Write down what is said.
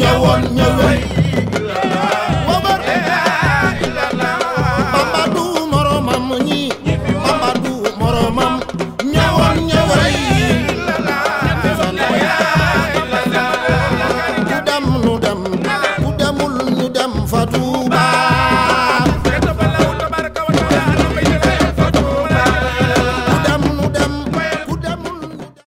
ñëwoon ñëwee